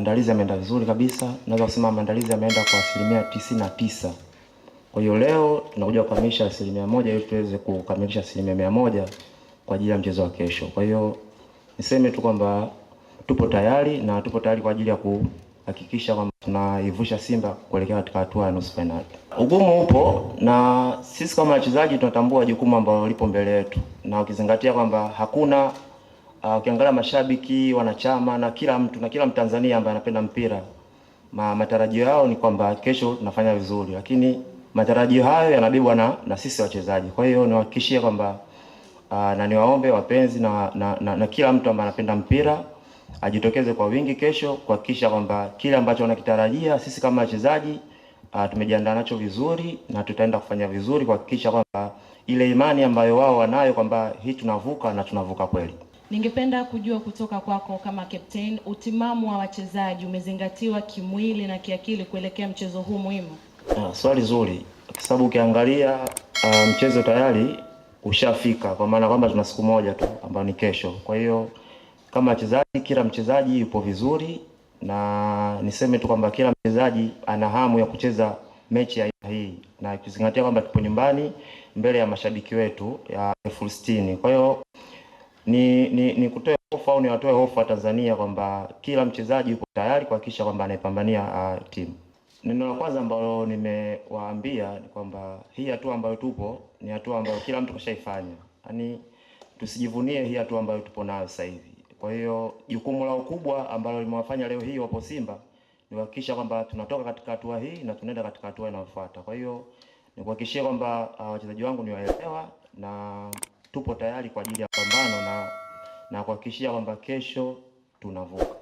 maandalizi yameenda vizuri kabisa, naweza kusema maandalizi yameenda kwa asilimia tisini na tisa. Kwa hiyo leo tunakuja kukamilisha asilimia moja ili tuweze kukamilisha asilimia mia moja kwa ajili ya mchezo wa kesho. Kwa hiyo niseme tu kwamba tupo tayari na tupo tayari kwa ajili ya kuhakikisha kwamba tunaivusha Simba kuelekea katika hatua ya nusu fainali. Ugumu upo na sisi kama wachezaji tunatambua jukumu ambalo lipo mbele yetu, na ukizingatia kwamba hakuna uh, ukiangalia mashabiki, wanachama na kila mtu na kila Mtanzania ambaye anapenda mpira ma, matarajio yao ni kwamba kesho tunafanya vizuri, lakini matarajio hayo yanabebwa na, na sisi wachezaji. Kwa hiyo niwahakikishie kwamba uh, na niwaombe wapenzi na, na, na, na kila mtu ambaye anapenda mpira ajitokeze kwa wingi kesho kuhakikisha kwamba kile ambacho wanakitarajia sisi kama wachezaji uh, tumejiandaa nacho vizuri na tutaenda kufanya vizuri kuhakikisha kwamba ile imani ambayo wao wanayo kwamba hii tunavuka na tunavuka kweli. Ningependa kujua kutoka kwako kama captain, utimamu wa wachezaji umezingatiwa kimwili na kiakili kuelekea mchezo huu muhimu? Ah, swali zuri, kwa sababu ukiangalia uh, mchezo tayari ushafika, kwa maana kwamba tuna siku moja tu ambayo ni kesho. Kwa hiyo kama wachezaji, kila mchezaji yupo vizuri, na niseme tu kwamba kila mchezaji ana hamu ya kucheza mechi ya aina hii, na ukizingatia kwamba tupo nyumbani mbele ya mashabiki wetu ya elfu sitini kwa hiyo ni, ni, ni kutoa hofu au ni watoe hofu wa Tanzania kwamba kila mchezaji yuko tayari kuhakikisha kwamba anaipambania uh, timu. Neno la kwanza ambalo nimewaambia ni kwamba hii hatua ambayo tupo ni hatua ambayo kila mtu kashaifanya, yaani tusijivunie hii hatua ambayo tupo nayo sasa hivi. Kwa hiyo jukumu lao kubwa ambalo limewafanya leo hii wapo Simba ni kuhakikisha kwamba tunatoka katika hatua hii na tunaenda katika hatua inayofuata. Kwa hiyo ni kuhakikishia kwamba uh, wachezaji wangu ni waelewa na tupo tayari kwa ajili ya pambano na kuhakikishia kwamba kesho tunavuka.